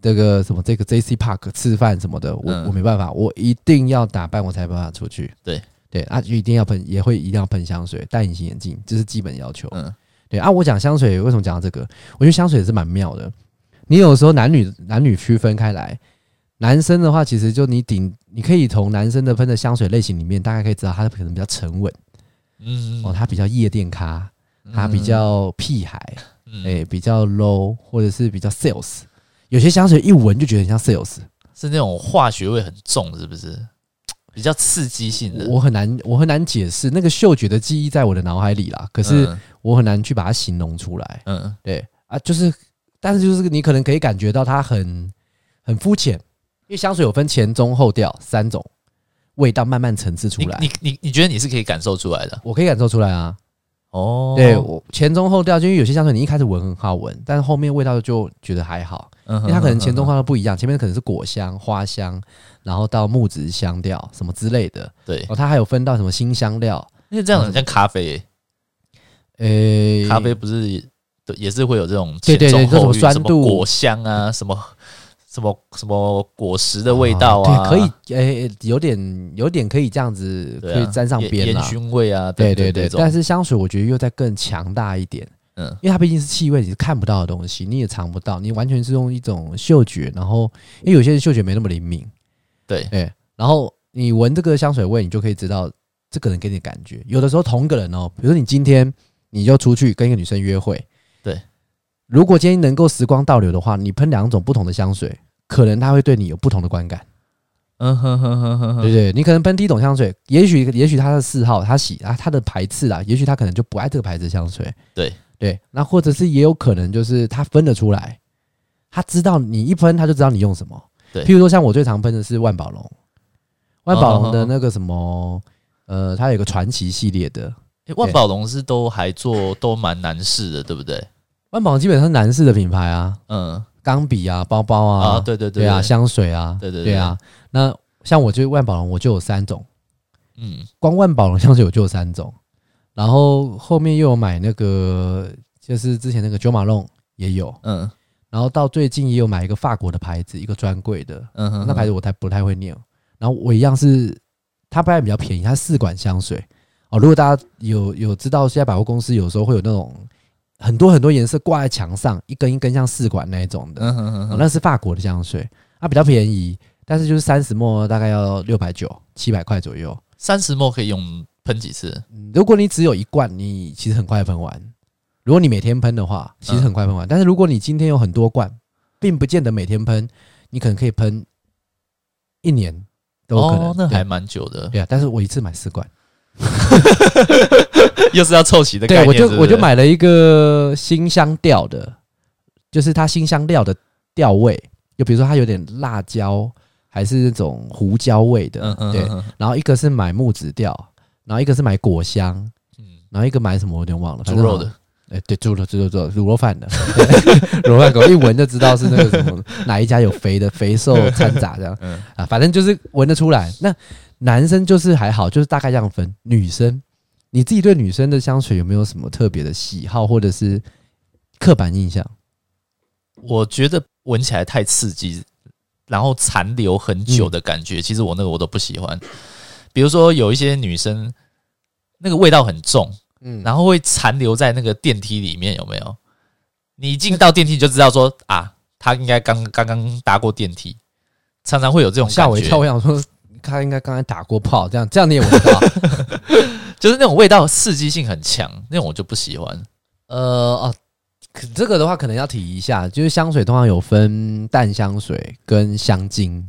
這個什麼這個 JC Park 吃飯什麼的，嗯、我我沒辦法，我一定要打扮，我才有辦法出去。對對，啊，一定要噴，也會一定要噴香水，戴隱形眼鏡，這、就是基本要求。嗯對，對啊，我講香水為什麼講到這個？我覺得香水也是蠻妙的。你有時候男女男女區分開來，男生的話，其實就你頂，你可以從男生的噴的香水類型裡面，大概可以知道他可能比較沉穩，嗯哦，他比較夜店咖。它比較屁孩，哎，嗯，欸，比較 low，或者是比較 sales。有些香水一聞就覺得很像 sales，是那種化學味很重，是不是？比較刺激性的，我很難，我很難解釋那個嗅覺的記憶在我的腦海裡啦。可是我很難去把它形容出來。嗯，對啊，就是，但是就是你可能可以感覺到它很很膚淺，因為香水有分前中後調三種味道，慢慢層次出來。你你你，你覺得你是可以感受出來的？我可以感受出來啊。哦、oh，對，我前中後調，就因為有些香水你一開始聞很好聞，但是後面味道就覺得還好，嗯哼嗯哼嗯哼，因為它可能前中後都不一樣，前面可能是果香、花香，然後到木質香調什麼之類的。對，哦，它還有分到什麼辛香料，因為這樣很像咖啡、欸。誒、嗯，欸，咖啡不是，也是會有這種前中後對對對對，什麼酸度什麼果香啊， 什麼。什麼什麼果實的味道啊？啊，對，可以，誒、欸，有點有點可以這樣子，可以沾上邊，啊，煙，啊、燻味啊，對對對、對、對。但是香水我覺得又再更強大一點，嗯，因為它畢竟是氣味，你是看不到的東西，你也嘗不到，你完全是用一種嗅覺。然後，因為有些人嗅覺沒那麼靈敏，對，哎、欸，然後你聞這個香水味，你就可以知道這個人給你感覺。有的時候同一個人哦，比如說你今天你就出去跟一個女生約會，對，如果今天能夠時光倒流的話，你噴兩種不同的香水。可能他會對你有不同的觀感，嗯哼哼哼哼，對對，對。你可能噴第一種香水，也許也許他，他，他的嗜好，他喜啊，他的排斥啊，也許他可能就不愛這個牌子的香水。對對，那或者是也有可能就是他分得出來，他知道你一噴他就知道你用什麼。對，譬如說像我最常噴的是萬寶龍，萬寶龍的那個什麼，呃，它有個傳奇系列的。萬寶龍是都還做都蠻男士的，對不對？萬寶龍基本上是男士的品牌啊，嗯。鋼筆啊，包包啊，哦、對，對對對，對啊，香水啊，對對，對，對，對啊。那像我就是萬寶龍，我就有三種，嗯，光萬寶龍香水我就有三種，然後後面又有買那個，就是之前那個祖馬龍也有，嗯，然後到最近也有買一個法國的牌子，一個專櫃的，嗯哼，哼，那牌子我才不太會唸。然後我一樣是，它拍的比較便宜，它是試管香水哦。如果大家有有知道，現在百貨公司有時候會有那種。很多很多顏色掛在牆上，一根一根像試管那一種的，嗯哼哼，哦、那是法國的香水，它、啊、比較便宜，但是就是 30ml 大概要六百九七百塊左右。30ml 可以用噴幾次？嗯。如果你只有一罐，你其實很快噴完。如果你每天噴的話，其實很快噴完，嗯。但是如果你今天有很多罐，並不見得每天噴，你可能可以噴一年都可能，哦，那還蠻久的對。對啊，但是我一次買四罐。哈哈哈哈哈！又是要湊齊的概念。對，我就我就買了一個辛香調的，就是它辛香料的調味，就比如說它有點辣椒，還是那種胡椒味的。嗯嗯，嗯，嗯，嗯，對。然後一個是買木質調，然後一個是買果香，嗯，然後一個買什麼？我有點忘了。啊、豬肉的，哎、欸，對，豬肉的，豬肉，豬肉，滷肉飯的，滷 肉飯狗一聞就知道是那個什麼， 哪一家有肥的肥瘦摻雜這樣， 嗯啊，反正就是聞得出來。那男生就是還好，就是大概這樣分。女生，你自己對女生的香水有沒有什麼特別的喜好，或者是刻板印象？我覺得聞起來太刺激，然後殘留很久的感覺、嗯，其實我那個我都不喜歡。比如說有一些女生，那個味道很重，嗯，然後會殘留在那個電梯裡面，有沒有？你一進到電梯就知道說、嗯、啊，她應該剛剛剛搭過電梯，常常會有這種感覺，嚇我一跳，我想說。他應該剛才打過炮，這樣這樣你也聞到， 就是那種味道刺激性很強，那種我就不喜歡。呃、哦，可這個的話可能要提一下，就是香水通常有分淡香水跟香精。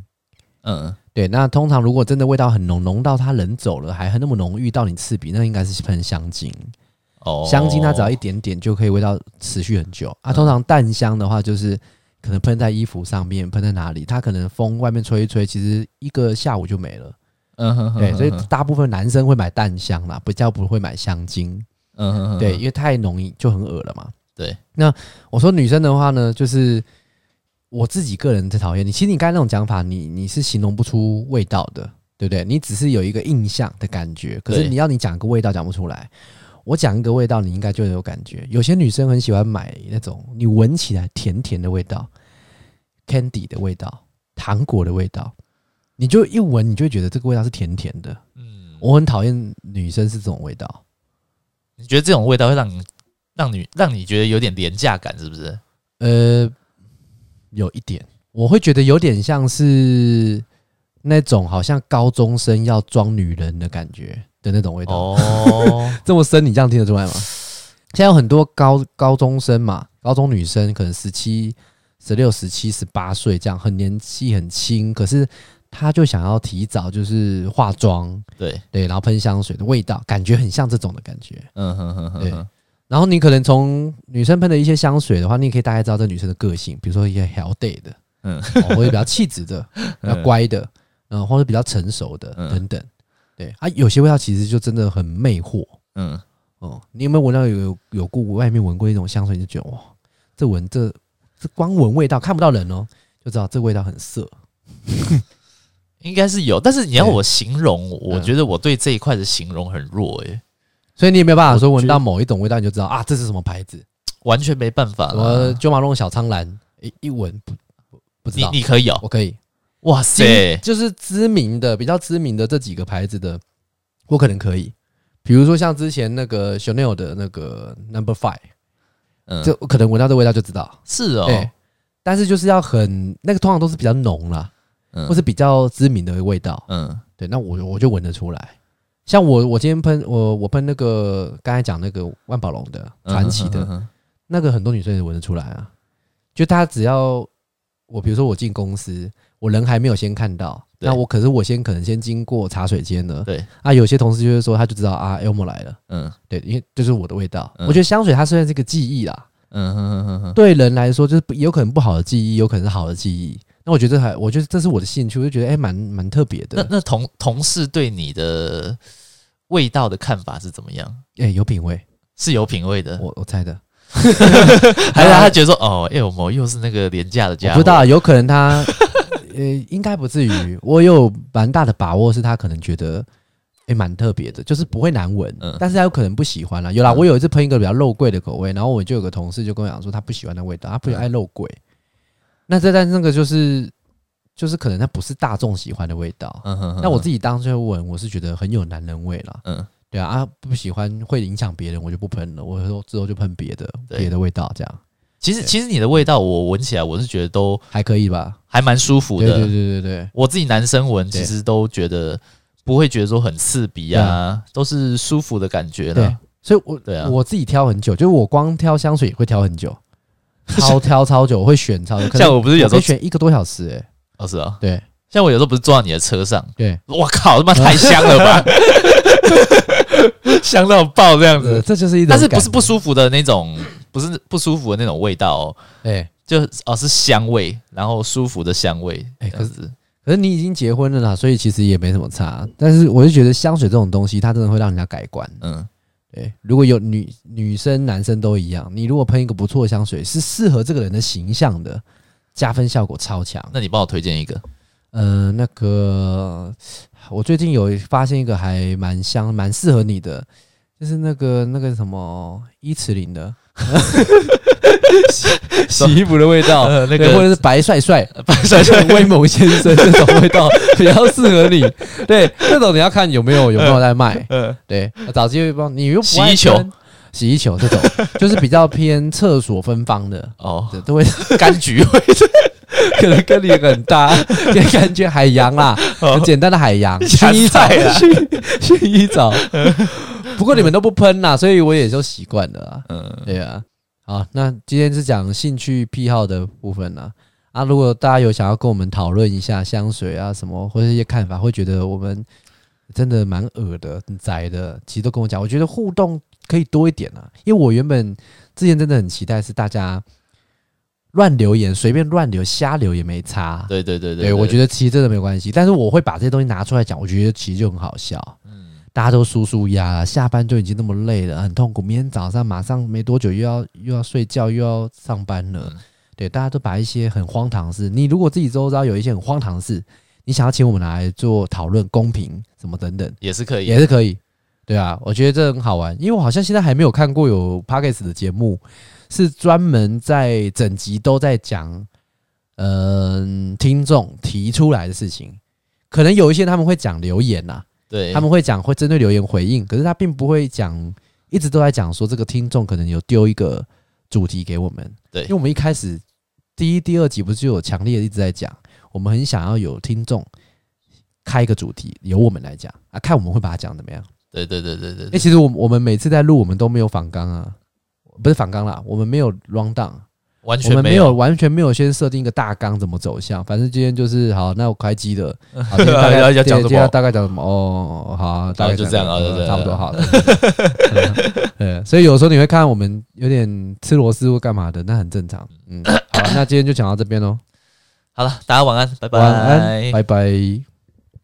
嗯，對。那通常如果真的味道很濃，濃到他人走了還很那麼濃郁到你刺鼻，那應該是噴香精。哦，香精它只要一點點就可以味道持續很久。嗯、啊，通常淡香的話就是。可能噴在衣服上面，噴在哪裡？他可能風外面吹一吹，其實一個下午就沒了。嗯、uh,，對，uh, uh, uh, uh. 所以大部分男生會買淡香啦，比較不會買香精。嗯、uh, uh,，uh, 對，uh, uh, 因為太濃就就很惡了嘛。對、uh,，那我說女生的話呢，就是我自己個人最討厭你。其實你剛才那種講法，你你是形容不出味道的，對不對？你只是有一個印象的感覺，可是你要你講個味道，講不出來。Okay. 我講一個味道，你應該就有感覺。有些女生很喜歡買那種你聞起來甜甜的味道，Candy 的味道，糖果的味道。你就一聞，你就會覺得這個味道是甜甜的。嗯，我很討厭女生是這種味道。你覺得這種味道會讓你讓你讓你覺得有點廉價感，是不是？呃，有一點，我會覺得有點像是那種好像高中生要裝女人的感覺。那種味道哦， 這麼深，你這樣聽得出來嗎？現在有很多高高中生嘛，高中女生可能十七、十六、十七、十八歲這樣，很年紀很輕，可是她就想要提早就是化妝，對對，然後噴香水的味道，感覺很像這種的感覺，嗯嗯嗯嗯。對，然後你可能從女生噴的一些香水的話，你也可以大概知道這女生的個性，比如說一些 Hello Day 的，嗯，哦、或者比較氣質的、比較乖的，嗯，嗯，或者比較成熟的、嗯、等等。對啊，有些味道其實就真的很魅惑。嗯哦，你有沒有聞到有有過外面聞過一種香水，你就覺得哇，這聞這這光聞味道看不到人哦，就知道這味道很色。 應該是有，但是你要我形容，我覺得我對這一塊的形容很弱誒、欸嗯。所以你有沒有辦法說聞到某一種味道，你就知道啊，這是什麼牌子？完全沒辦法。了我祖馬龍小蒼蘭，一聞不不，不知道。你，你可以有，我可以。哇塞，就是知名的、比較知名的這幾個牌子的，我可能可以，比如說像之前那個 Chanel 的那個 Number Five，嗯，就可能聞到這味道就知道，是哦。對，但是就是要很那個，通常都是比較濃啦。嗯，或是比較知名的味道，嗯，對。那我我就聞得出來，像我我今天噴我我噴那個剛才講那個萬寶龍的傳奇的、嗯呵呵，那個很多女生也聞得出來啊。就他只要我，比如說我進公司。我人還沒有先看到，那我可是我先可能先經過茶水間了。對，啊，有些同事就會說他就知道啊，L M 來了。嗯，對，因為就是我的味道。嗯、我覺得香水它雖然是個記憶啦，嗯哼哼哼哼，對人來說就是有可能不好的記憶，有可能是好的記憶。那我覺得還，我覺得這是我的興趣，我就覺得哎、欸，蠻蠻特別的。那那同同事對你的味道的看法是怎麼樣？哎、欸，有品味是有品味的，我我猜的。 還有他覺得說 哦，L M、欸、又是那個廉價的家，我不知道有可能他。 呃、欸，應該不至於。我有蠻大的把握，是他可能覺得，誒、欸，蠻特別的，就是不會難聞、嗯。但是他有可能不喜歡啦。有啦，我有一次噴一個比較肉桂的口味，然後我就有個同事就跟我講說，他不喜歡的味道，他不喜歡肉桂。嗯、那這但那個就是，就是可能他不是大眾喜歡的味道、嗯哼哼哼。那我自己當時聞，我是覺得很有男人味啦。嗯，對啊。啊，不喜歡會影響別人，我就不噴了。我說之後就噴別的別的味道這樣。其實，其實你的味道我聞起來，我是覺得都還可以吧，還蠻舒服的。對對對對，我自己男生聞，其實都覺得不會覺得說很刺鼻啊，都是舒服的感覺。對，所以我對啊，我自己挑很久，就是我光挑香水也會挑很久，超挑超久，我會選超久。像我不是有時候選一個多小時哎、欸，老師啊？對。像我有時候不是坐在你的車上，對，我靠，他媽太香了吧， 香到爆這樣子，呃、這就是一種，但是不是不舒服的那種。不是不舒服的那種味道，喔欸，哦，哎，就哦是香味，然後舒服的香味，欸，哎可是可是你已經結婚了啦，所以其實也沒什麼差。但是我就覺得香水這種東西，它真的會讓人家改觀。嗯，哎，如果有女女生、男生都一樣，你如果噴一個不錯的香水，是適合這個人的形象的，加分效果超強。那你幫我推薦一個？嗯，呃，那個我最近有發現一個還蠻香、蠻適合你的，就是那個那個什麼伊慈林的。 洗衣服的味道，對，或者是白帥帥、白帥帥威猛先生 這種味道比較適合你。對，這種你要看有沒有有沒有在賣。嗯，嗯對，找機會幫你用洗衣球，洗衣球這種就是比較偏廁所芬芳的哦對，都會柑橘味，可能跟你很搭，感覺海洋啦，很簡單的海洋，薰、哦、衣、衣草，薰衣草。不過你們都不噴啦，所以我也就習慣了。嗯，對啊。好，那今天是講興趣癖好的部分呢。啊、啊，如果大家有想要跟我們討論一下香水啊什麼，或者一些看法，會覺得我們真的蠻惡的、很宅的。其實都跟我講，我覺得互動可以多一點啊。因為我原本之前真的很期待是大家亂留言，隨便亂留、瞎留也沒差。對對對對、對，我覺得其實真的沒關係。但是我會把這些東西拿出來講，我覺得其實就很好笑。嗯。大家都舒舒壓，下班就已經那麼累了，很痛苦。明天早上馬上沒多久又要又要睡覺又要上班了。嗯。對，大家都把一些很荒唐的事。你如果自己周遭有一些很荒唐的事，你想要請我們來做討論，公平什麼等等，也是可以，啊，也是可以。對啊，我覺得這很好玩，因為我好像現在還沒有看過有 Podcast 的節目是專門在整集都在講，嗯、呃、聽眾提出來的事情，可能有一些他們會講留言吶、啊。對，他們會講會針對留言回應，可是他並不會講，一直都在講說這個聽眾可能有丟一個主題給我們。對，因為我們一開始第一、第二集不是就有強烈的一直在講，我們很想要有聽眾開一個主題由我們來講啊，看我們會把它講怎麼樣？對對對對對、對、對。誒、欸，其實我們我們每次在錄，我們都沒有訪綱啊，不是訪綱啦，我們沒有 run down。完全我們沒有，完全沒有先設定一個大綱怎麼走向，反正今天就是好，那我開機的，大家大概講、 啊、什,什麼？哦、好、啊，大概這就這樣啊，對對對對，差不多好了。 對、對、對、對、 對，所以有時候你會看我們有點吃螺絲或幹嘛的，那很正常。嗯，好，那今天就講到這邊嘍咳咳。好了，大家晚安，拜拜，晚安，拜拜。